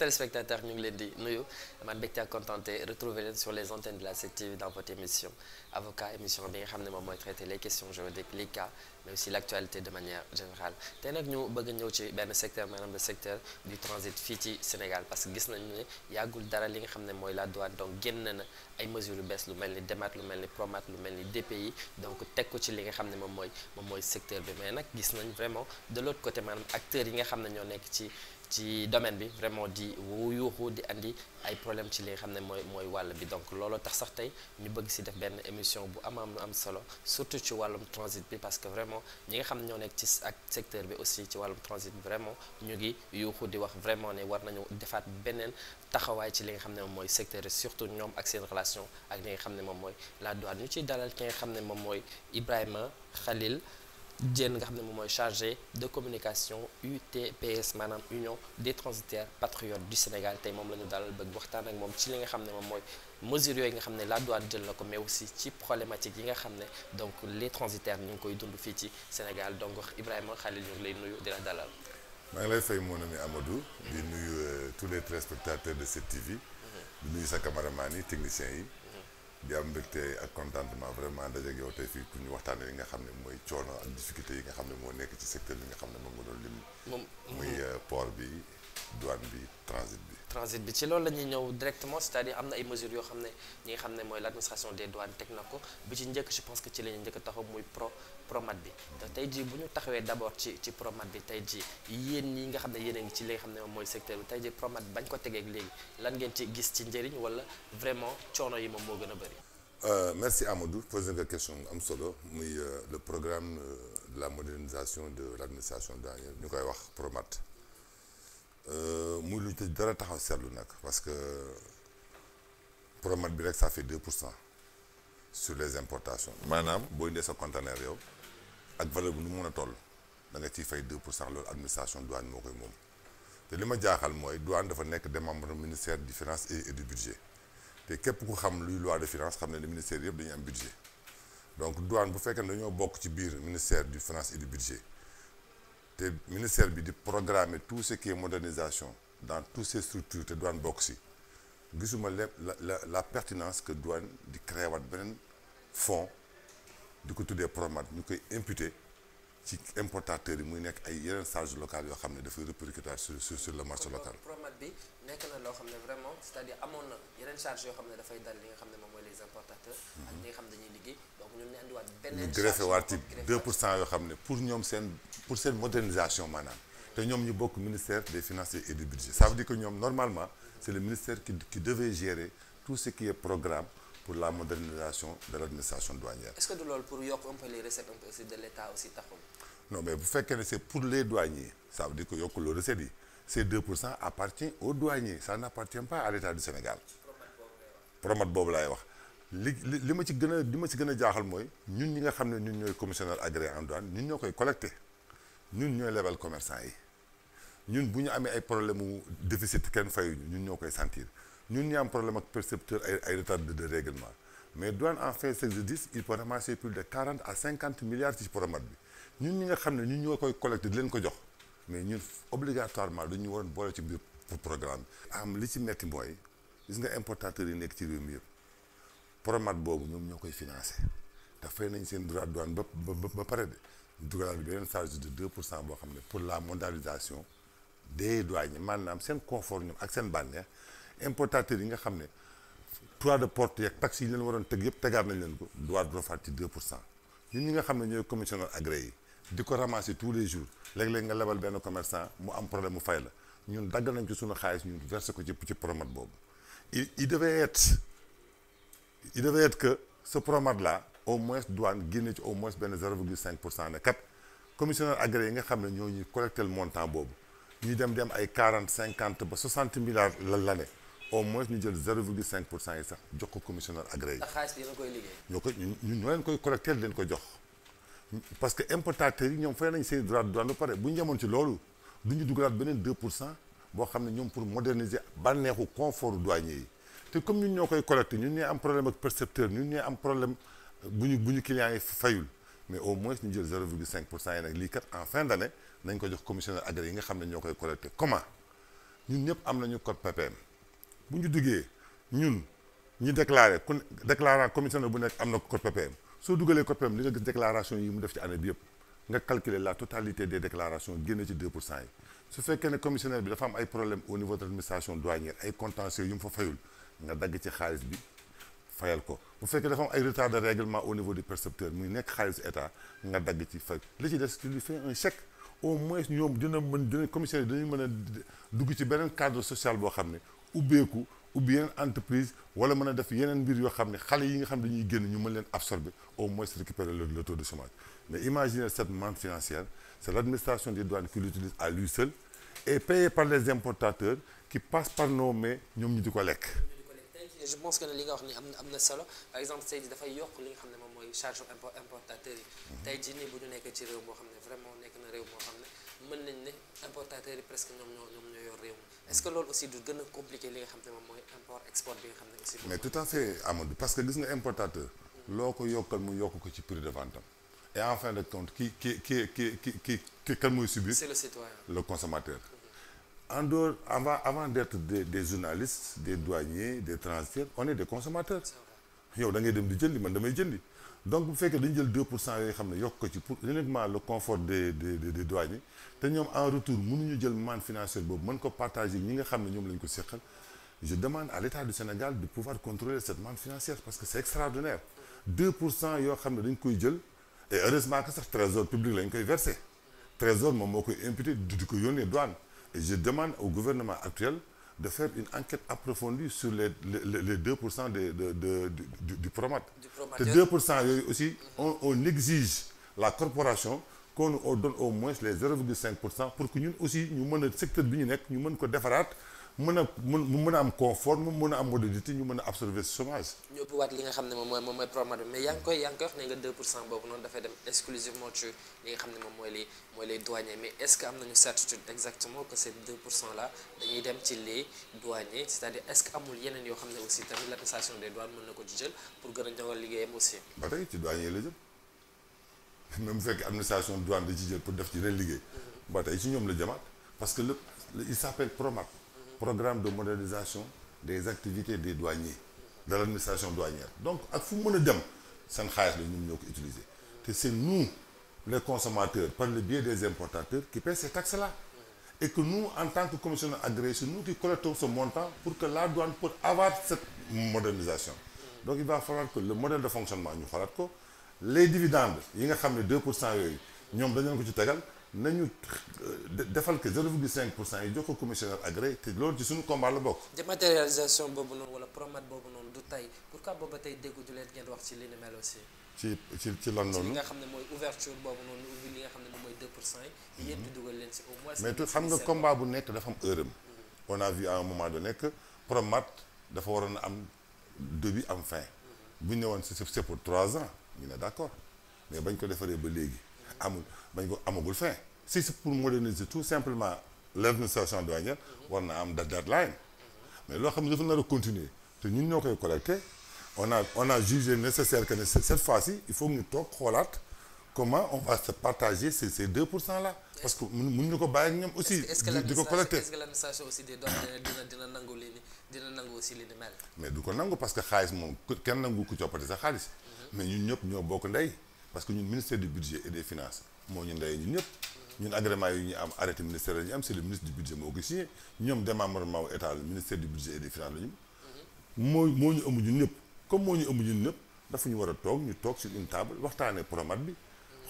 téléspectateurs ñu ngi leen di nuyu man mbégte ak contenté retrouver leen sur les antennes de la 7 dans votre émission avocat émission bi nga xam ne moom mooy traiter les questions juridiques les cas mais aussi l'actualité de manière générale tey nag ñu bëgg ñëw ci benn secteur maanaam le secteur du transit fii ci Sénégal parce que gis nañu ne yàggul dara li nga xam ne mooy la douane donc génn na ay mesures yu bees lu mel ni DEMAT lu mel ni PROMAT lu mel ni DPI donc teg ko ci li nga xam ne moom mooy moom mooy secteur bi mais nag gis nañ vraiment de l'autre côté yi nga xam ne ñoo nekk ci ci domaine bi vraiment di yuuxu di indi ay problème ci li nga xam ne mooy mooy wàll bi donc looloo tax sax tey ñu bëgg si def benn émission bu am am solo surtout ci wàllum transit bi parce que vraiment ñi nga xam ne ñoo nekk ci ak secteur bi aussi ci wàllum transit bi vraiment ñu ngi yuuxu di wax vraiment ne war nañu defaat beneen taxawaay ci li nga xam ne moom mooy secteur yi surtout ñoom ak seen relation ak li nga xam ne moom mooy la douane ñu ciy dalal ki xam ne moom mooy Ibrahima Khalil jën nga xam ne moom mooy chargé de communication UTPS maanaam Union des transitaires patriotes du Sénégal tey moom la ñu dalal bëgg waxtaan ak moom ci li nga xam ne moom mooy mesures yooyu nga xam ne laa douane jël na ko mais aussi ci problématique yi nga xam ne donc les transitaires ñu ngi koy dund fii ci Sénégal donc Ibrahima Khalil ñu ngi lay nuyu di la dalal. maa ngi lay fay mon ami Amadou. di nuyu euh, tous les téléspectateurs de cette TV. Mhm. di nuyu sa cameraman yi yi. di am mbégte ak contentement vraiment dajeeg yow tey fii pour ñu waxtaanee nga xam ne mooy coono ak difficulté yi nga xam ne moo nekk ci secteur bi nga xam ne moom nga doon lim. muy euh, port bi douane bi transit bi. transit bi ci loolu la ñuy ñëw directement cest am na ay mesures yoo xam ne ñi nga xam ne mooy l'administration des douanes teg na ko bi ci njëkk je pense a taxaw muy pro promat bi te tey jii bu ñu taxawee d'abord ci ci promat bi tey jii yéen ñi nga xam ne yéen a ngi ci li nga xam ne mooy secteur bi tey jii promat bañ ko tegeeg léegi lan ngeen ci gis ci njariñ wala vraiment coono yi moom moo gën a bëri euh, merci Amadou posé nga question am solo muy euh, le programme euh, de la modernisation de l'administration douanière ñu koy wax promat Euh, muy lu ci dara taxaw seetlu nag parce que promat bi rek ça fait deux pour cent sur les importations maanaam boo indee sa conteneur yow ak valeur bu nu mun a toll da ci ciy fay deux pour cent loolu administration douane moo koy moom te li ma jaaxal mooy douane dafa nekk démembre ministère du finance et du budget te képp ku xam luy loi de finance xam ne ne ministère yëpp dañuy am budget donc douane bu fekkee ne dañoo bokk ci biir ministère du finance et du budget te ministère bi di programme tout ce qui est modernisation dans toutes ces structures te douane bokk si gisuma lépp la la la pertinence que douane di créé waat beneen fonds di ko tuddee Promat ñu koy imputer ci importateurs yi muy nekk ay yeneen charges locales yoo xam ne dafay répercuter sur sur le marché local. promet bi nekk na loo xam ne vraiment c'est-à-dire amoon na yeneen charges yoo xam ne nga xam ne moom mooy les importateurs. Mhm. ak ñi nga xam dañuy liggéey donc ñun ñu andiwaat beneen. ñu greffé waat yoo xam ne pour ñoom seen pour seen modernisation maanaam. te ñoom ñu bokk ministère des finances et du budget ça veut dire ñoom normalement c'est le ministère qui qui devait gérer tout ce qui est programme. pour la modernisation de l' administration douanière. est ce pour yokk un peu les recettes de l' état aussi taxul. non mais bu fekkee ne c' est pour les douaniers ça veut dire que yokk le recette yi ces 2 pour cent appartient aux douaniers ça n' appartient pas à l' du Sénégal. promette boobu laay wax. li li li ma ci gën a li ma ci gën a jaaxal mooy ñun ñi nga xam ne ñun ñooy commissionnaire agréé en douane ñun ñoo koy collecté ñun ñooy lebal commerçant yi ñun bu ñu amee ay problème mu déficit kenn fayuñu ñun ñoo koy sentir. ñun ñu am problème ak percepteur ay ay retard de règlement en fin exercice il peut ramasser plus de quarante à ci programme bi ñun ñi nga xam ne ñu ñoo koy collecté di leen ko jox mais ñun obligatoirement ñu waroon boole ci biir programme bi. am li ci metti mooy gis nga importateurs yi nekk ci réew mi yëpp programme boobu ñoom ñoo koy financé daf fay nañ seen droit douane ba ba ba pare de dugalaat bi beneen charge de deux pour cent boo xam ne pour la mondialisation des douaniers maanaam seen confort ñoom ak seen bànneex. importateurs yi nga xam ne droit de porte yeeg taxes yi leen waroon teg yëpp tegaat nañ leen ko droit de refaat ci pour cent ñun ñi nga xam ne ñooy commissionnaire agréé yi di ko ramasser tous les jours léeg-léeg nga lebal benn commerçant mu am problème mu fay la ñun dagg nañ ci suñu xaalis ñun versé ko ci ci promote boobu il il devait être il devait être que ce promote là au moins douane génne ci au moins benn 0,5 pour cent ne kat commissionnaire agréé yi nga xam ne ñoo ñuy collecté le montant boobu ñuy dem dem ay quarante cinquante ba 60 milliards la l'année au moins ñu jël 0,5 pour cent yi sax jox ko commissionnaire agréé. ndax xaalis ñoo koy ñun ñoo leen koy collecté leen ko jox parce que importateurs yi ñoom fay nañ seen droit de ñu yemoon ci loolu ñu dugalaat beneen 2 pour xam ne ñoom pour moderniser bànneexu confort douanier yi comme ñun ñoo koy collecté ñun ñoo am problème ak percepteur ñun ñoo am problème bu ñu bu ñu clients yi fayul. mais au moins ñu jël pour cent lii kat en fin d' année nañ ko jox commissionnaire agréé yi ne ñoo koy collecté comment ñun ñëpp am nañu code PPM. bu ñu duggee ñun ñu déclaré ku déclarant commissionnaire bu nekk am na code PPM soo dugalee code PPM li nga gis déclaration yi mu def ci année bi yëpp nga calculer la totalité des déclarations génne ci 2 pour cent yi su fekkee ne commissionnaire bi dafa am ay problème au niveau de l'administration douanière ay contentieux yu mu fa fayul nga dagg ci xaalis bi fayal ko bu fekkee dafa am ay retard de règlement au niveau du percepteur muy nekk xaalis état nga dagg ci fay li ci des tu lui fais un chèque au moins ñoom dina mën dina commissionnaire dinañ mën a dugg ci beneen cadre social boo xam ne ubbeeku ubbi yeneen entreprise wala mën a def yeneen mbir yoo xam ne xale yi nga xam ne dañuy génn ñu mën leen absorber au moins récupérer le, le taux de chômage mais imaginez cette manne financière c'est l'administration des douanes qui l'utilise à lui seul et payée par les importateurs qui passent par nos mains ñoom ñu di ko lekk je pense que na am na solo yokk li nga xam ne moom mooy charge importateur yi mhm. nii bu ñu nekk ci réew moo xam ne vraiment nekk na réew moo xam ne mën nañ ne importateurs yi presque ñoom ñoo ñoom ñoo réew li nga xam ne moom mooy import ne aussi. mais tout à fait Amadou parce que gis nga importateur. Mm. loo ko yokkal mu yokk ko ci prix de vente am. et en fin de compte ki ki ki ki ki ki kan mooy subir. Mm-hmm. en dehors avant avant d'être des des journalistes des douaniers des transitaires on est des consommateurs. yow da ngay dem di jëndi man damay jëndi. donc bu fekkee dañu jël 2 pour cent yooyu xam ne yokk ko ci pour uniquement le confort des des des te ñoom en retour mënuñu jël manne financière boobu mën ko partager ñi nga xam ne ñoom lañ ko séqal je demande à l'État du Sénégal de pouvoir contrôler cette manne financière parce que c'est extraordinaire yoo xam ne dañ koy jël et heureusement que sax trésor public lañ koy versé trésor moom moo koy imputé di ko yónnee douane et je demande au gouvernement actuel de faire une enquête approfondie sur les les les 2 pour cent des de de pour cent yooyu aussi on on exige la corporation. qu'on nous donne au moins les 0,5 pour cent pour que ñun aussi ñu mën a secteur bi ñu nekk ñu mën ko defaraat mën a mën mën a am conforme mën a am modalité ñu mën a absorber chômage. ñu ëppiwaat li nga xam ne moom mooy moom mooy problème mais yaa ngi koy yaa ngi koy wax ne nga 2 pour cent boobu noonu dafay dem exclusivement ci li nga xam ne moom mooy les mooy les douaniers mais est-ce que am nañu certitude exactement que ces 2 pour cent là dañuy dem ci les douaniers c'est-à-dire est-ce que amul yeneen yoo xam ne aussi tamit l'administration des douanes mën na ko ci jël pour gën a ñoŋal liggéeyam aussi. ba tey ci douaniers la jëm. même bu fekkee administration douane da ci jël pour def ci ren liggéey. Mm-hmm. ba tey ci ñoom la jëmaat parce que lépp il s'appelle PROMAP. Mm-hmm. programme de modernisation des activités des douaniers. Mm-hmm. de l'administration douanière donc ak fu mu mën a dem seen xaalis la ñoom ñoo ko utiliser te c'est nous les consommateurs par le biais des importateurs qui paient ces taxes-là et que nous en tant que commissionnaires agréés c'est nous qui collectons ce montant pour que la douane puisse avoir cette modernisation donc il va falloir que le ñu xalaat ko les dividendes yi nga xam ne 2 pour cent yooyu ñoom dañu ko ci tegal nañu euh, defal que 0,5 pour cent yi jox ko commissionnaire agréé te lool ci suñu combat la bokk. dématérialisation boobu noonu wala promesse boobu noonu du tey pourquoi booba wax ci li ni mel xam ne mooy ouverture boobu noonu ubbi li nga xam ne moom mooy 2 pour cent yi. Mhm. yéen di dugal leen ci au moins. mais bu nekk dafa am heure am. Mhm. on a moment donné que promesse dafa waroon a am début am fin. Mhm. bu ñu si c'est pour trois ans. ñu ne d'accord mais bañ ko defaree ba léegi amul bañ ko amagul fin si c'est pour moderniser tout simplement l'administration douanière war na am deadline mais loo xam ne dafa nar te ñun ñoo koy collecté on a on a jugé nécessaire que ne cette fois-ci il faut ñu toog xoolaat comment ko bàyyi ak ñoom aussi. di ko collecté est-ce que l'administration euh, dina dina nangu li ni mel. mais du ko nangu parce que xaalis moom kenn nangu ku coppati sa xaalis. mais ñun ñëpp ñoo bokk ndey parce que ñun ministère du budget et des finances moo ñu ndey ñun ñëpp ñun agrément yi ñu am arrêté ministère la am c'est le ministre du budget moo ko signé ñoom démembrement wu état ministère du budget et des finances la moo moo ñu ëmb ñun ñëpp comme moo ñu ëmb ñun ñëpp dafa ñu war a toog ñu toog si une table waxtaanee promate bi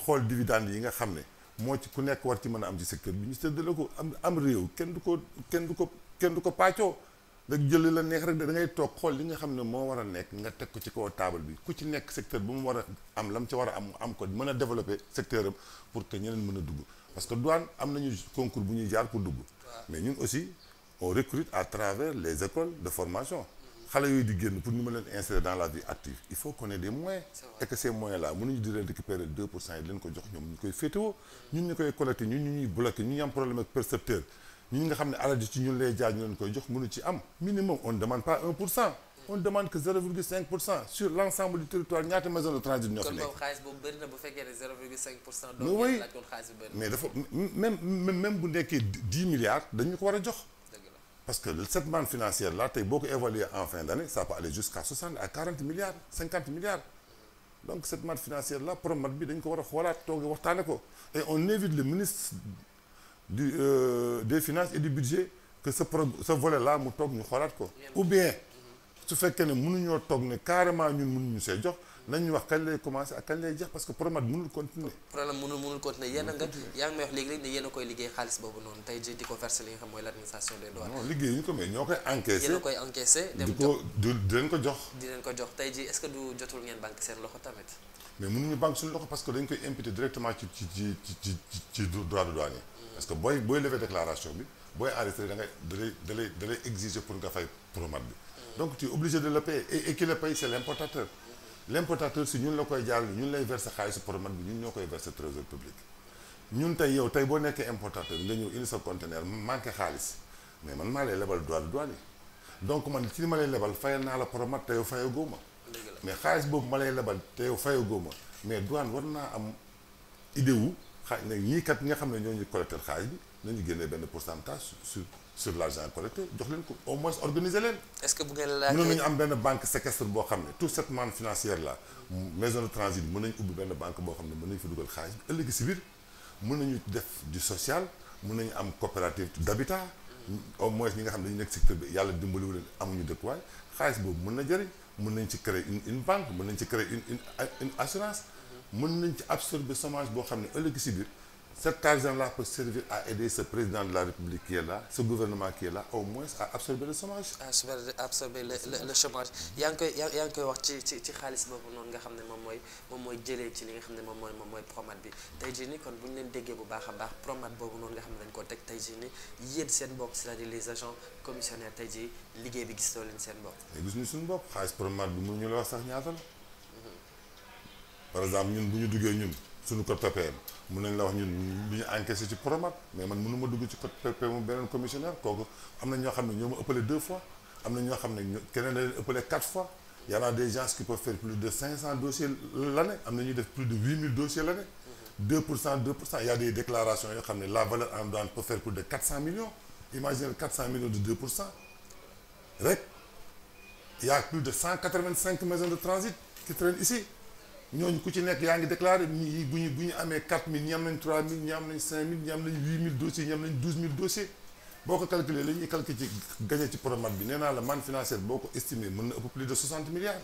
xool dividende yi nga xam ne moo ci ku nekk war ci mën a am ci secteur bi ñu séddale ko am am réew kenn du ko kenn du ko kenn du ko paccoo rek jëli la neex rek da ngay toog xool li nga xam ne moo war a nekk nga teg ko ci kaw table bi ku ci nekk secteur bu mu war a am lam ci war a am am ko mën a développer secteur am pour que ñeneen mën a dugg parce que douane am nañu concours bu ñuy jaar pour dugg mais ñun aussi à travers les écoles de formation xale yooyu di ñu ne leen insérer dans la vie active il faut qu'on ait di récupérer deux pour cent yi leen ko jox ñoom ñu koy féetewoo ñun ñu koy collecté ñun ñu ñuy bloqué ñu ñu am problème ak percepteur ñi nga xam ne alal ji ci ñun lay jaar ñu leen koy jox mënu ci am minimum on ne pas un pour cent on demande que 0,5 pour cent sur l' du territoire ñaata maison de transit ñoo fi nekk. mais dafa même bu nekkee 10 milliards dañu ko war a jox. parce que cette financière là tey boo ko évaluer en fin d' année ça peut aller jusqu'à 60 à 40 milliards 50 milliards. donc cette manne financière là promat bi dañ ko war a xoolaat toog du euh, des finances et du budget que ce pro ce volet-là mu toog ñu xoolaat ko. ou bien su fekkee ne mënuñoo toog ne carrément ñun mënuñu see jox. nañu wax kañ lay commencer ak kañ lay jeex parce que problème mënul continuer. problème mënul mënul continuer yéen a nga yaa ngi may wax léegi-léegi koy liggéey xaalis boobu noonu tey jii di ko verser li nga xam mooy l'administration des douanes. non liggéey ñu ko mais ñoo koy encaisser yéen a koy encaisser. dem jox di ko di leen ko jox. di leen ko jox tey jii est-ce que du jotul ngeen banque seen loxo tamit. mais mënuñu banque suñu loxo parce que ci ci ci ci ci parce que booy booy lever déclaration bi booy enregistré da ngay dalay dalay dalay exiger pour nga fay promote bi mm. donc tu es obligé de le payer et, et qui le paye c'est l'importateur mm-hmm. l'importateur si ñun la koy jaarale ñun lay xaalis xaalisu promote bi ñun ñoo koy verser trésor public ñun tey yow tey boo nekkee importateur nga ñëw indi sa conteneur manqué xaalis mais man maa lay lebal droit de douane yi donc man ci ma lay lebal fayal naa la promote te yow fayagoo ma mais xaalis boobu ma lay lebal te yow fayagoo ma mais douane war naa am idée xaaj nag ñii kat ñi nga xam ne ñoo ñu collecté xaalis bi nañu génnee benn pourcentage sur sur l' argent collecté jox leen ko au moins organiser leen. est-ce que bu ngeen laajee mënoon nañu am benn banque séquestre boo xam ne toute cette manne financière maison de transit mën nañu ubbi benn banque boo xam ne mën nañu fa dugal xaalis bi ëllëg si biir mën nañu def du social mën nañu am coopérative d'habitat au moins ñi nga xam ne dañu nekk secteur bi yàlla dimbaliwu leen amuñu dëkkuwaay xaalis boobu na jëriñ mën nañ ci créer une une banque mën nañ ci créer une assurance mën nañ ci absorber chômage boo xam ne ëllëg si biir cet argent servir à aider ce président de la République qui est là ce gouvernement qui est là au moins à absorber le chômage. à yaa ngi koy koy wax ci ci ci xaalis boobu noonu nga xam ne moom mooy moom mooy jëlee ci li nga xam ne moom mooy moom mooy Promat bi tey kon bu ñu leen déggee bu baax a baax Promat boobu noonu nga xam ne dañ ko teg tey jii nii yéen seen bopp cest à les agents commissionnaires tey jii liggéey bi gis loo leen seen bopp. mais gis nañ suñu bopp xaalis par exemple ñun bu ñu duggee ñun suñu code PPM mun nañ la wax ñun li ñu encaissé ci Promat mais man mënu ma dugg ci code PPM beneen commissionnaire kooku am na ñoo xam ne ñoo ma ëppale deux fois am na ñoo xam ne keneen da leen ëppale quatre fois y en a cent dossiers l'année na ñuy def plus de huit mille dossiers l'année a des déclarations yoo xam ne la valeur en douane peut faire plus de quatre cent millions imaginez quatre cent millions de deux pour cent rek y plus de cent de transit qui traînent ici ñooñu ku ci nekk yaa ngi déclaré ñi bu bu ñu amee 4000 ñi am nañ 3000 ñi nañ 5000 ñi am nañ 8000 dossiers ñi am nañ 12000 dossiers boo ko calculé la ñuy calculé ci nee naa la manne financière boo ko estimé mën na ëpp plus de 60 milliards.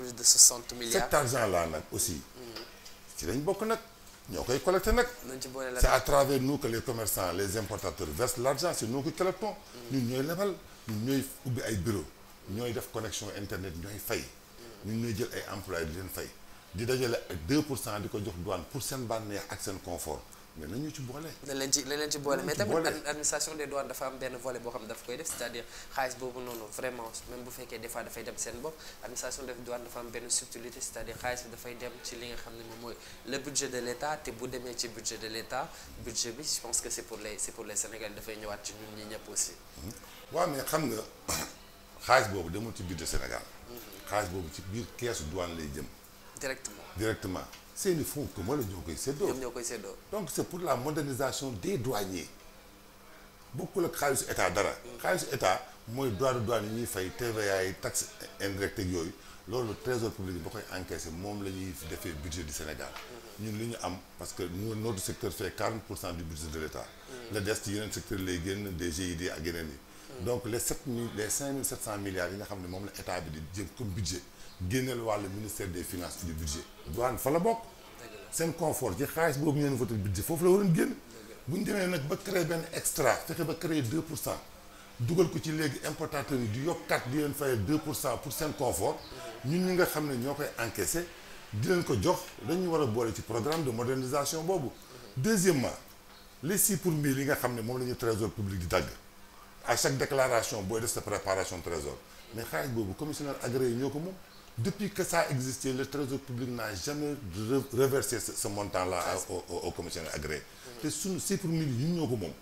mën na aussi. Mm. ci lañ bokk nag ñoo koy collecté nag. c'est à travers nous que les commerçants les importateurs versent l'argent c'est nous qui collectons. Mm. ñu ñooy lebal ñun ñooy ubbi ay bureau ñooy def connexion internet ñooy fay. Mm. ñun ñooy jël ay employés di leen fay. di dajale ak 2 pour cent di ko jox douane pour seen bànneex ak seen confort mais nañu ci boole. na leen ci na leen ci boole mais tamit administration des douanes dafa am benn volet boo xam ne daf koy def c'est-à-dire xaalis boobu noonu vraiment même bu fekkee des fois dafay dem seen bopp administration des douanes dafa am benn subtilité c'est-à-dire xaalis bi dafay dem ci li nga xam ne moom mooy le budget de l'État te bu demee ci budget de l'État budget bi je pense que c'est pour les c'est pour les Sénégalais dafay ñëwaat ci ñun ñi ñëpp aussi. waaw mmh. mais xam nga xaalis boobu demul ci budget Sénégal. Mmh. xaalis boobu ci biir keesu douane lay jëm. directement directement seeni fonds commun la ñoo koy séddoo koy séddoo donc c'est pour la modernisation des douaniers bokkul ak xaalisu état dara xaalisu mm. état mooy droit de douane yi ñuy fay TVA yi taxe indirecte ak yooyu loolu trésor public ba koy encaissé moom la ñuy defee budget du Sénégal mm-hmm. ñun li ñu am parce que nous notre secteur fait 40 pour cent du budget de l'État la des ci yeneen secteur lay génn des GID ak yeneen yi mm. donc les sept mille cent milliards yi nga xam ne moom la état bi di jëm comme budget génneel wàllu ministère des finance et du budget douane fa la bokk seen confort ci xaalis boobu ñu leen voté budget foofu la waroon génn bu ñu demee nag ba créer benn extra fexe ba créer 2 pour cent dugal ko ci léegi importateurs yi di yokkaat di leen fayee 2 pour cent pour seen confort ñu ñi nga xam ne ñoo koy encaissé di leen ko jox dañu war a boole ci programme de modernisation boobu deuxièmement les pour mille yi nga xam ne moom la ñu trésor public di dagg à chaque déclaration booy def préparation trésor mais xaalis boobu commissionnaire agréé ñoo ko moom depuis que ça existait le trésor public n'a jamais reversé ce, ce montant-là au, au, au commissionnaire agréé te suñu chiffre mille yi ñoo ko moom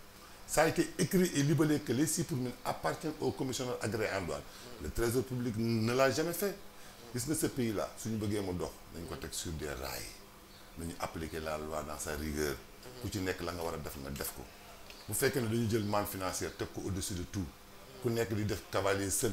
ça a été écrit et libellé que les chiffres au commissionnaire agréé en douane le trésor public ne l'a jamais fait gis nga ce pays-là suñu bëggee mu dox dañ ko teg sur des rails nañu appliquer la loi dans sa rigueur ku ci nekk la nga war a def nga def ko bu fekkee ne dañu jël manne financière teg ko au-dessus de tout di def cavalier seul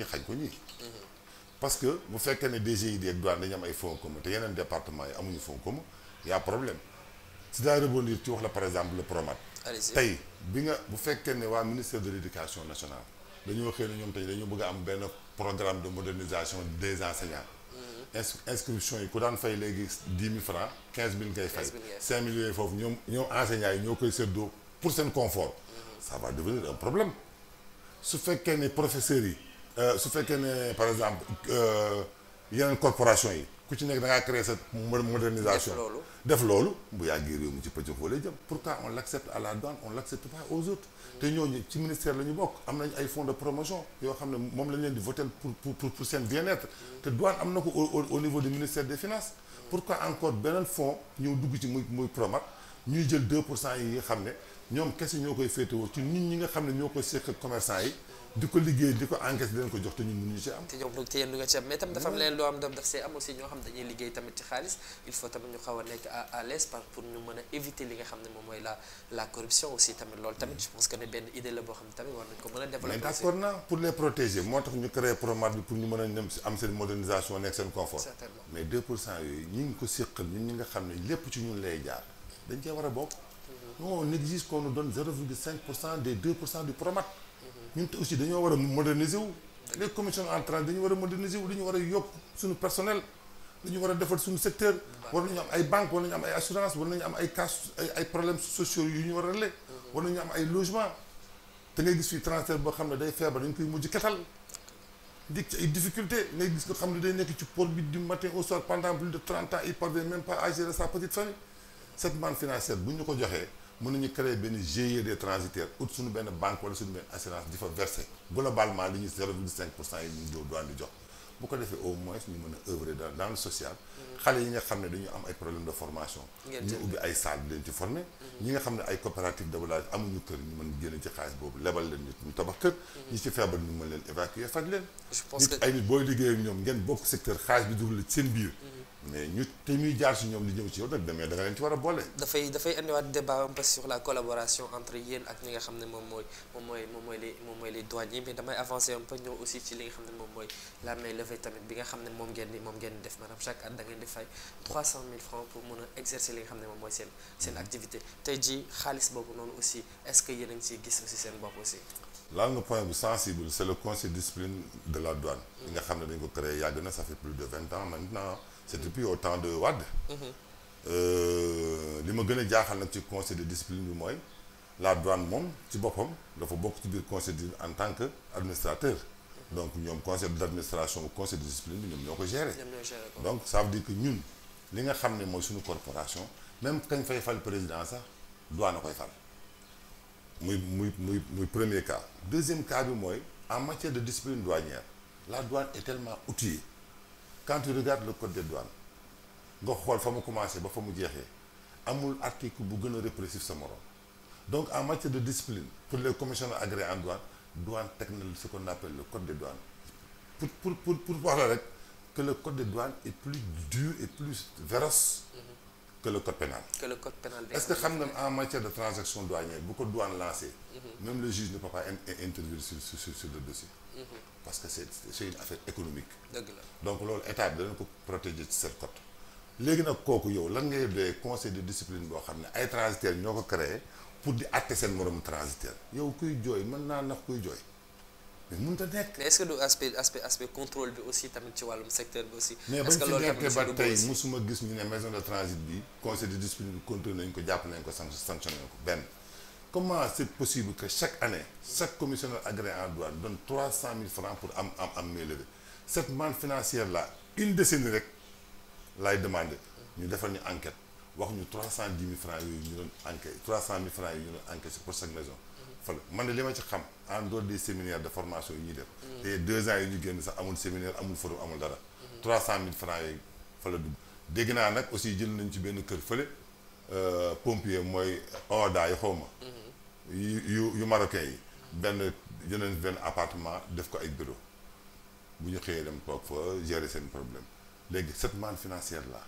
ñi xañ ko ñi parce que bu fekkee ne DGID ak douane dañu am ay fonds commun te yeneen département yi amuñu fonds commun y' a problème si daa rebondir ci wax la par exemple le PROMAT tey bi nga bu fekkee ne waa ministère de l' éducation nationale dañoo xëy ñoom tey dañoo bëgg a am benn programme de modernisation des enseignants mhm. inscription yi ku daan fay léegi dix mille francs quinze mille ngay fay cinq mille yooyu foofu ñoom ñoom enseignants yi ñoo koy pour seen confort mhm. ça va devenir yi Euh, su fekkee ne par exemple euh, yeneen corporation yi ku ci nekk da ngaa créer sa modernisation. def loolu bu yàggee réew mu ci pëcc foo lay jëm. pourquoi on l' accepte à la douane on l' accepte pas te ñooñu ci ministère la ñu bokk am nañ ay fonds de promotion yoo xam ne moom lañ leen di voter pour pour pour seen bien te douane am na ko au au niveau du ministère des finances. pourquoi encore beneen fonds ñëw dugg ci muy muy Promat ñuy jël 2 pour cent yi xam ne ñoom kese ñoo koy féetewoo ci nit ñi nga xam ne ñoo koy seq commerçant di ko liggéey di ko encaisse leen ko jox te ñun mënuñu ci ci am mais tam dafa am leen loo am daf daf see am aussi ñoo xam dañuy liggéey tamit ci xaalis il faut tamit ñu xaw a nekk à l'aise pour naa pour les protéger moo tax ñu créé programme bi pour ñu mën a dem am seen modernisation nekk seen confort mais 2 pour cent yooyu ñi ngi ko séqal ñun ñi nga xam ne lépp ci ñun lay jaar dañ cee war a bokk mm-hmm. non on exige qu'on nous donne 0,5 pour pour cent ñun aussi dañoo war a moderniser wu les commissions en train dañu war a moderniser wu dañu war a yokk suñu personnel dañu war a defar suñu secteur war nañu am ay banque war nañu am ay assurance war nañu am ay cas ay problèmes sociaux yu ñu war a régler war nañu am ay logement te ngay gis fii transfert boo xam ne day feebar dañ koy mujj ketal di ci ay difficulté ngay gis ko xam ne day nekk ci port du matin au soir pendant plus de trente ans il parvient bu ñu ko joxee mën nañu créer benn GIE des transitaires ut suñu benn banque wala suñu benn assurance di fa verser globalement li ñu 0,5 pour cent yi ko defee au moins ñu mm-hmm. yi nga xam ne dañu am ay problème de formation. ñu ubbi ay salle leen ci former. Mm-hmm. ñi nga xam ne ay coopérative de village amuñu kër ñu mën génn ci xaalis boobu lebal leen nit ñu tabax kër. Mm-hmm. ñi ci feebar ñu mën leen évacuer faj leen. que booy liggéey ak ñoom ngeen bokk secteur xaalis bi dugg la seen biir. mais ñu te ñuy jaar si ñoom di ñëw si yow nag demee da leen ci war a boole. dafay dafay indiwaat débat un peu sur la collaboration entre yéen ak ñi nga xam ne moom mooy moom mooy moom mooy les mais damay avancer un peu ñëw aussi li nga xam ne moom mooy a exercer ne seen mm-hmm. activité tey jii xaalis boobu noonu aussi est que yéen a ngi ciy gis aussi seen bopp aussi. laal nga point bu sensible c'est le conseil discipline de la douane. Mm-hmm. bi nga xam ne dañ ko créé yàgg na ça fait plus de vingt ans maintenant. c'est depuis au temps de Wade. Euh, li ma gën a jaaxal nag ci conseil de discipline bi mooy la douane moom ci boppam dafa bokk ci biir conseil de en tant que administrateur. donc ñoom conseil d'administration ou conseil de discipline bi ñoom ñoo ko gérer. donc ça veut dire ñun li nga xam ne mooy suñu corporation même kañ fay fal président sax douane a koy fal. muy muy muy muy premier cas. deuxième cas bi mooy en matière de discipline douanière la douane est tellement outillée. quand tu regardes le code des douanes nga xool fa mu commencé ba fa mu jeexee amul article bu gën a répressif sa morom donc en matière de discipline pour les commissionnaires agréés en douane douane teg na ce qu'on appelle le code des douanes pour pour pour pour wax la rek que le code des douanes est plus dur et plus véroce mm-hmm. que le code pénal. est-ce que xam nga en matière de transaction douanière bu ko douane lancé. Mm-hmm. même le juge ne peut pas sur le dossier. Mm-hmm. parce que c'est c'est une affaire économique. dëgg la donc loolu état bi danañ ko protéger ci seen côté. léegi nag kooku yow lan ngay doyee conseil de discipline boo xam ne ay transitaires ñoo ko créé pour di àtte seen moromu transitaire yow kuy jooy mën naa nax kuy jooy. mais mënut a nekk. mais est-ce que du aspect gis ñu ne maison de transit bi conseil de discipline bi contrôle nañ ko jàpp nañ ko sanction sanctionné ko benn. comment c'est possible que chaque année chaque commissionnaire agréé en douane donne trois cent mille francs pour am am am mieux levé cette manne financière là une décennie rek laay demandé ñu defal ñu enquête wax ñu trois cent dix mille francs yooyu ñu doon enquête trois cent ñu doon pour chaque maison fala man de li ma ci xam en dehors des séminaires de formation yu ñuy def mm. te deux ans yi ñu génn sax amul séminaire amul forum amul dara mm. trois cent mille francs yooyu fa la naa nag aussi jël nañ ci benn kër fële euh, pompier mooy oda yi xaw ma mm. yu yu yu marocain yi benn yeneen benn appartement def ko ay bureau bu ñu xëyee dem toog fa gérer seen problème léegi cette manne financière là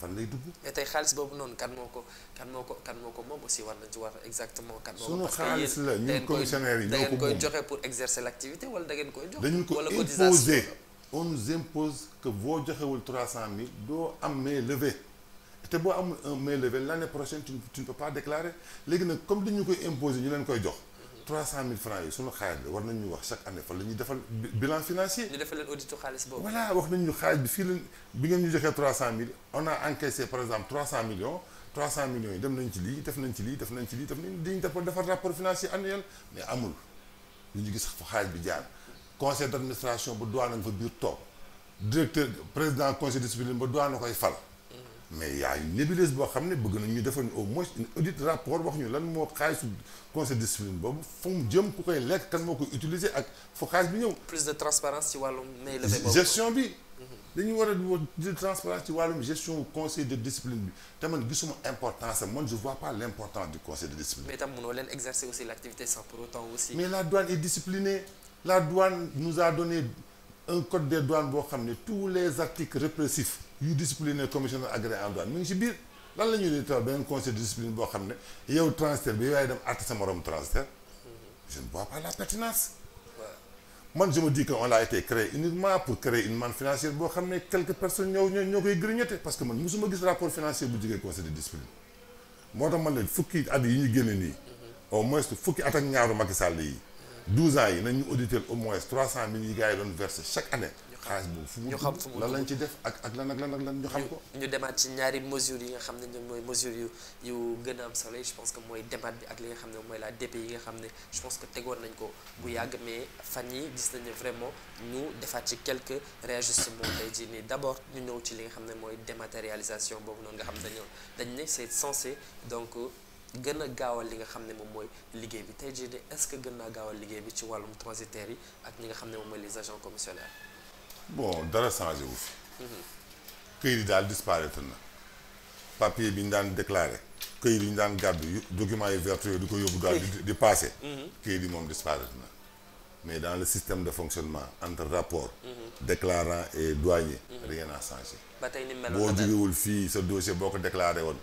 fan lay dugg. mais tey xaalis boobu noonu kan moo ko kan moo ko kan moo ko moom aussi war nañ ci war exactement. kan moo ko parce que yéen sunu xaalis la yi. ñoo ko moom da ngeen koy joxe pour exercer l' activité wala da ngeen koy jox. dañu ko imposer on nous impose que boo joxewul trois cent mille boo amee levé. te boo amul un main levée l' année prochaine tu pas déclarer léegi nag comme dañu koy imposer ñu leen koy jox. 300000 francs yi suñu xaalis la war nañ ñu wax chaque année fan la ñuy defal bilan financier. ñu defal leen auditu xaalis boobu. voilà wax nañ ñu xaalis bi fii la bi ngeen ñu joxee 300000 on a encaissé par exemple 300 millions 300 millions yi dem nañ ci lii def nañ ci lii def nañ ci lii def nañ dañuy defar rapport financier annuel mais amul lu ñu gis fa bi jaar. conseil d' administration ba doy nañ fa biir toog président conseil ba doy koy fal. mais y a une boo xam ne bëgg nañ ñu defal ñu au moins une audit rapport wax ñu lan moo xaalisu conseil de discipline boobu fu jëm ku koy lekk kan moo koy utiliser ak fu bi ñëw. plus de transparence ci wàllum may levée boobu gestion bi. Mhm. dañu war a di transparence ci wàllum gestion conseil de discipline bi te man gisuma importance am man je vois pas l' importance du conseil de discipline. mais itam mënoo leen exercer aussi l' activité pour autant aussi. mais la douane est disciplinée la douane nous a donné. en code des douanes boo xam ne tous les articles répressifs yu discipliner commissionnaire agréé en douane mu ngi ci biir lan la ñuy di taw benn conseil de discipline boo xam ne yow transitaire bi yow yaay dem àtte sa morom transitaire mhm. je ne vois la pertinence man je me dis que on a pour créer une manne boo xam ne quelques personnes ñoo ñoo ñoo koy grignoter parce que man mosuma gis rapport financier bu jógee conseil de discipline moo tax man leen fukki at yi ñu génne nii mhm. au moins fukki at ak ñaaru Macky Sall yi 12 ans yi nañ ñu auditer au moins 300000 yi gars yi doon versé chaque année. xaalis boobu ñu xam ko. ñu demaat ci ñaari mesures yi nga xam ne ñoom mooy mesures yu gën a am solo je pense que mooy débat bi ak li nga xam ne mooy la DPI yi nga xam ne je pense que tegoon nañ ko bu yàgg mais fan yi gis nañu vraiment ñu defaat ci quelques réajustements tey jii nii d' abord ñu ñëw ci li nga xam ne mooy dématérialisation boobu noonu nga xam dañ ne c' est gën a gaawal li nga xam ne moom mooy liggéey bi tey jii de est-ce que gën naa gaawal liggéey bi ci wàllum transitaires yi ak ñi nga xam ne moom mooy les agents commissionnaires. bon dara changé wu fi. Mm-hmm. daal disparaître na papier bi ñu daan déclaré këyit yi ñu daan gàddu document yi vertu yooyu di ko yóbbu daal di di passé. Mm-hmm. këyit yi moom disparaître na mais dans le système de fonctionnement entre rapport. Mm-hmm. déclarant et douanier. rien n'a changé. boo jógewul fii sa dossier boo ko déclaré woon.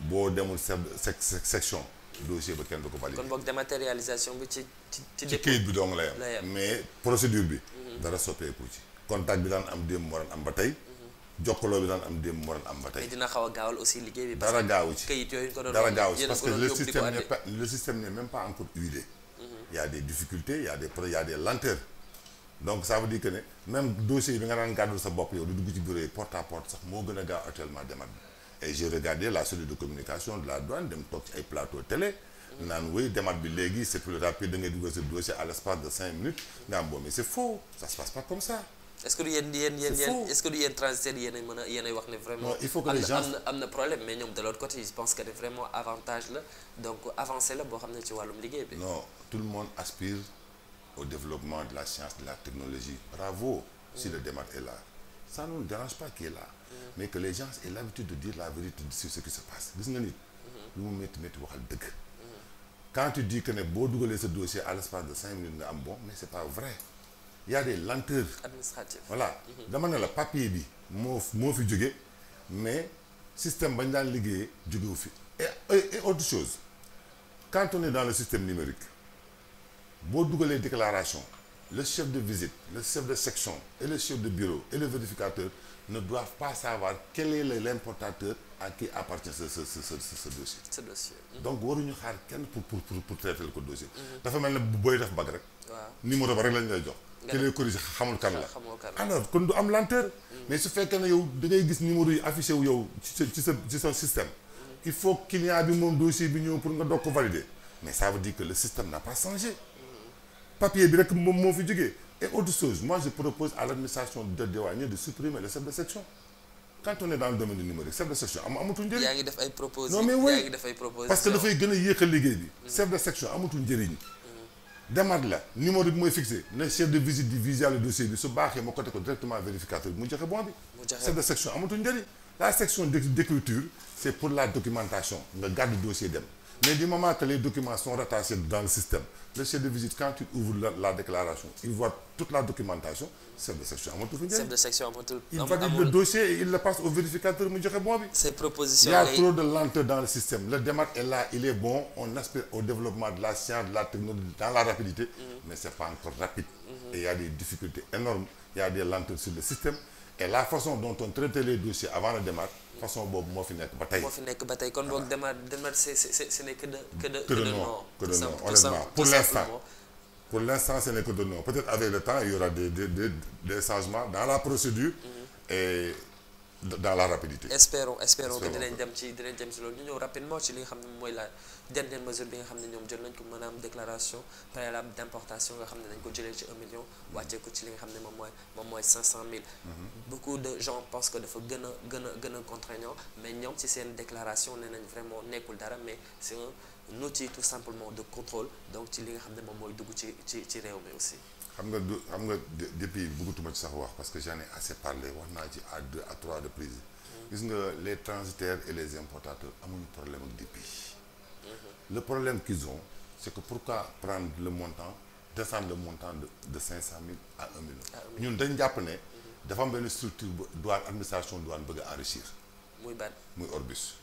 boo demul section dossier ba kenn du ko valider. kon boog dématérialisation ci ci ci. ci këyit bi dong la yem mais procédure bi. Mhm. dara soppeeku ci. contact bi daan am démb moo am ba tey. Mhm. jokkaloo bi daan am démb moo am ba tey. mais dina xaw a gaawal aussi liggéey bi. dara gaawu ci këyit yooyu ko doon dara parce que le système n'est pas le système n'est même pas encore huilé. Mhm. y a des difficultés y a des pro y donc ça veut dire ne même dossier bi nga daan gàddul sa bopp yow du dugg ci bureau yi porte à sax moo gën a gaaw actuellement demat et j'ai regardé la cellule de communication de la douane dem toog ci ay plateau télé naan wéy demat bi léegi c'est plus rapide da ngay dugal sa dossier à l'espace de cinq minutes nga bon mais c'est faux ça se passe pas comme ça est-ce que du yéen yéen yéen yéen est-ce que du yéen transitaires yéen a mën a yéen ay wax ne non il faut que les gens am na am na problème mais ñoom de la donc avancé la boo xam ne ci wàllum liggéey bi non tout le aspire au développement de la science de la technologie bravo si le démat est là ça ne nous dérange mais que les gens aient l'habitude de dire la vérité sur ce qui se passe gis nga nit lu mu métti métti waxal dëgg quand tu dis que ne boo dugalee sa dossier à l'espace de cinq minutes nga am bon mais c'est pas vrai il y a des lenteurs administratives voilà dama ne la papier bi moo moo fi jóge mais système bañ daan liggéeyee jógewu fi et autre chose quand on dans le système numérique boo dugalee déclaration le chef de visite le chef de section et le chef de bureau et le ne doivent pas savoir quel est l'importateur à qui appartient ce ce ce ce, ce, mm. donc waruñu xaar kenn pour pour pour, pour traiter ko dossier. Mm-hmm. dafa mel ne booy def bag rek. waaw ba rek lañ lay jox. ki lay corrigé xamul kan la alors kon du am lenteur. Mm. mais su fekkee ne yow da ngay gis numéro yi affiché wu yow ci sa ci sa ci mm. il faut client bi moom dossier bi ñëw pour nga doog ko valider mais ça dire que le système n'a pas changé. papier bi rek moom moo fi jógee et autre chose moi je propose à l'administration de Diohane de supprimer le chef de section quand on est dans domaine de section a yéexal liggéey bi. Mm-hmm. chef de section amatul njëriñ. Mm-hmm. demaat la numéro mooy fixé na chef de visite di visualiser dossier bi su baaxee ma côté ko directement vérificateur bi mu joxe bon bi. chef de section amatul njëriñ la section d'écriture c'est pour la documentation nga gàddu dossier dem. Mais du moment que les documents sont rattachés dans le système, le chef de visite, quand il ouvre la, la déclaration, il voit toute la documentation, chef de section amatul fi chef de section amatul il valide le dossier il le passe au vérificateur mu joxe bon bi il y a trop de lenteur dans le système le démat est là il est bon on aspire au développement de la science de la technologie dans la rapidité mhm. mais c'est pas encore rapide mhm. et il y a des façon boobu moo fi nekk ba tey. moo fi nekk ba tey kon boog ah. demaat demaat c' est ce n' est que de. que de de non que de non honnêtement l' instant pour l' instant ce n' de non peut être avec le temps il y aura des des dans la procédure. Mm-hmm. dans la rapidité. espérons espérons que dinañ dem ci dinañ dem ci loolu ñu ñëw rapidement ci li nga xam ne mooy la dernière mesure bi nga xam ne ñoom ko maanaam déclaration préalable d' importation nga xam ne dañ ko jëlee ci 1 million wàccee ko ci li nga xam ne moom mooy moom mooy 500000. Mm-hmm. beaucoup de gens pensent que dafa gën a gën a gën a contraignant mais ñoom ci seen déclaration ne nañ vraiment nekkul dara mais c' est un outil tout simplement de contrôle donc ci li nga xam ne moom mooy dugg ci ci ci réew mi aussi. xam nga du xam nga depuis bëggatuma ci sax wax parce que j'en ai assez parlé wax naa ci à deux à trois reprises mm-hmm. gis nga les transitaires et les importateurs amuñu problème ak mm-hmm. le problème qu'ils ont c'est que pourquoi prendre le montant descendre le montant de de cinq mille à un million ah ñun dañ jàpp ne mm-hmm. dafa am benn structure douane administration douane bëgg a enrichir muy ban muy Orbus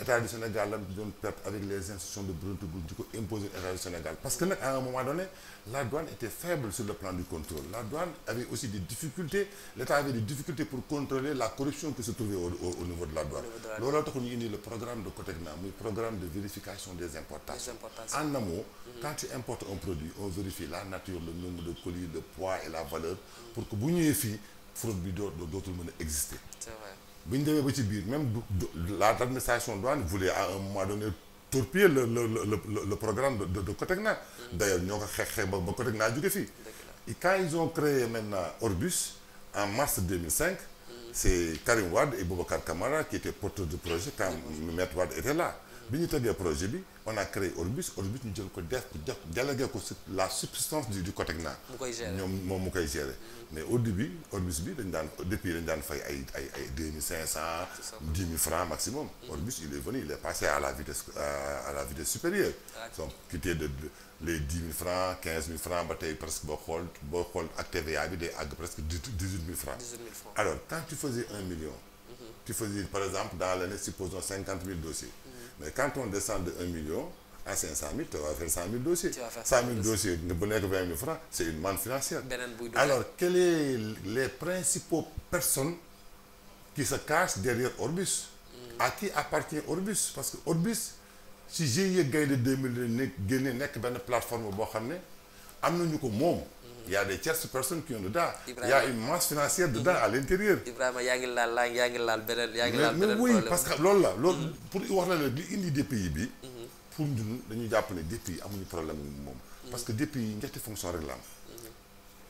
état du Sénégal la doon perte avec les institutions de Bretton Woods di ko imposer état du Sénégal parce que nag à un moment donné la douane était faible sur le plan du contrôle la douane avait aussi des difficultés l'état avait des difficultés pour contrôler la corruption qui se trouvait au, niveau de la douane looloo tax ñu indi le programme de COTECNA muy programme de vérification des importations en mm-hmm. on vérifie la nature le nombre de colis le poids et la valeur pour que bu ñëwee fii fraude bi doo dootul mën a exister bu ñu demee ba ci biir même la l'administration douane voulait à un moment donné torpiller le le le le programme de de de Cotecna. Mm. d'ailleurs ñoo ko xeex xeex ba ba Cotecna jóge fii. et quand ils ont créé maintenant Orbus en mars 2005. Mm. c'est Karim Wade et Boubacar Camara qui étaient porteurs du projet quand Maître Wade était là. bi ñu tëggee projet bi on a créé Orbus Orbus ñu jël ko def def délégué ko sur la substance du du Cotecna. mu koy gérer ñoom moom mu koy gérer. mais au début Orbus bi dañ daan depuis dañ daan fay ay ay ay deux mille cinq cent. dix mille francs maximum. Mm-hmm. Orbus il est venu il est passé à la vitesse à la vitesse supérieure. donc quitté de les dix mille francs quinze mille francs ba tey presque boo xool boo xool ak TVA bi day àgg presque dix huit mille francs. dix huit mille francs alors quand tu faisais un million. Mm-hmm. tu faisais par exemple dans l'année supposons cinquante mille dossiers. mais quand on descend de 1 million à 500 000 tu vas faire 100 000 dossiers. tu vas faire 100 000 dossiers bu nekk 20 000 francs c' est une manne financière. alors quels les principaux personnes qui se cachent derrière Orbus. Hmm. à qui appartient Orbus parce que Orbus si GIE Gaïndé 2000 la nekk génne nekk benn plateforme boo xam ne am nañu ko moom. il y a des tierces personnes qui ont dedans. Ibrahima il a une masse financière dedans à mhm. l'intérieur. yaa ngi laal laa ngi laal beneen yaa ngi laal beneen problème mais oui parce que loolu la. loolu mhm. pour wax la li indi DPI bi. Mhm. pour ñun dañu jàpp ne DPI amuñu problème moom. parce que DPI ñetti fonction rek la am.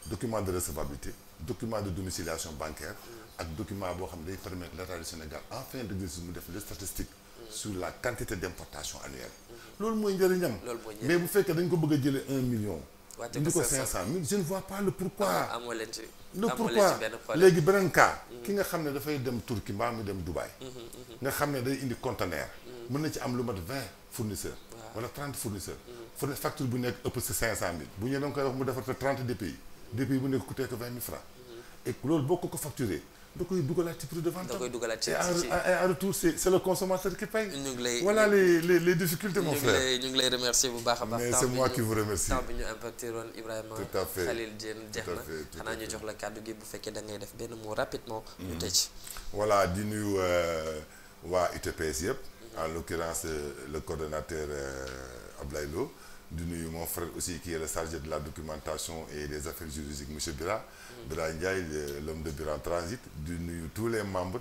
document de recevabilité document de domiciliation bancaire. ak document boo xam ne day permettre l'État du Sénégal en fin d'exercice mu def les statistiques. sur la quantité d'importation annuelle. loolu mooy bu fekkee dañ ko bëgg jëlee un million. indi ko 500 mille je ne vois pas le pourquoi. Ah, amoo leen ci le pourquoi léegi beneen cas. Mm-hmm. ki nga xam ne dafay dem Turquie mbaa mu dem Dubaï. Mm-hmm, mm-hmm. nga xam ne day indi conteneur. mën na ci am lu mat 20 fournisseurs. wala 30 fournisseurs. fourni facture bu nekk ëpp si 500000. bu ñu doon koy wax mu defar te 30 DPI. DPI bu nekk ku que 20 000 francs. loolu boo ko ko facturé. da koy dugalaat ci prix de vente. da koy dugalaat ci ci en ñu ngi lay voilà les les les difficultés. mon frère ñu ngi lay remercier bu baax a baax. mais bi ñu impacté woon Ibrahima. tout à jeex na xanaa ñu jox la kàddu gi bu fekkee da ngay def benn mot rapidement. ñu mhm. tëj. voilà di nuyu euh, waa UTPS yëpp. Mhm. en l'occurrence euh, le coordonnateur euh, Ablaye Lo di nuyu mon frère aussi qui est le chargé de la documentation et des affaires juridiques monsieur Bira. Bira Ndiaye l'homme de Bira Transit di nuyu tous les membres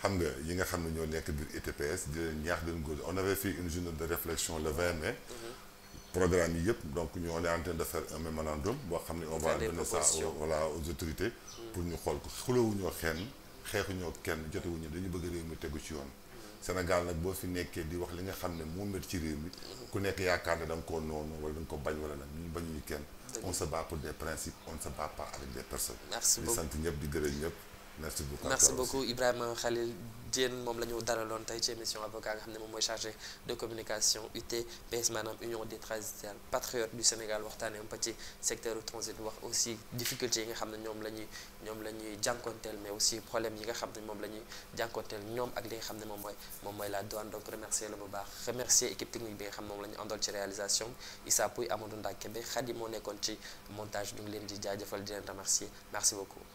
xam nga yi nga xam ne ñoo nekk biir ITPS e di leen ñaax den góor on avait fait une journée de réflexion le 20 mai mm-hmm. programme yi yëpp donc ñu on est en train de faire un mémorandum boo xam ne on va donner ça voilà aux mm. pour ñu xool ko xulawuñoo xenn xeexuñoo kenn jotewuñu dañu bëgg réew mi tegu ci yoon mm-hmm. Sénégal nag boo fi nekkee di wax li nga xam ne moo métti ci réew mi mm-hmm. ku nekk yaakaar ne da nga koo noonu wala da nga bañ wala kenn on se bat pour des principes on ne se bat pas avec des sant ñëpp di gëre ñëpp. merci beaucoup merci beaucoup Ibrahima Khalil Diène moom la ñu dalaloon tey ci émission avocat nga xam ne moom mooy chargé de communication UTPS maanaam union des transitaires patriotes du Sénégal waxtaanee un peu ci secteur du transit wax aussi difficultés yi nga xam ne ñoom la ñuy ñoom la ñuy jànkonteel mais aussi problème yi nga xam ne moom la ñuy jànkonteel ñoom ak li nga xam ne moom mooy moom mooy la douane donc remercier la bu baax remercier équipe technique bi nga xam ne moom la ñu àndool ci moo nekkoon ci montage ñu ngi leen di jaajëfal di leen remercier merci beaucoup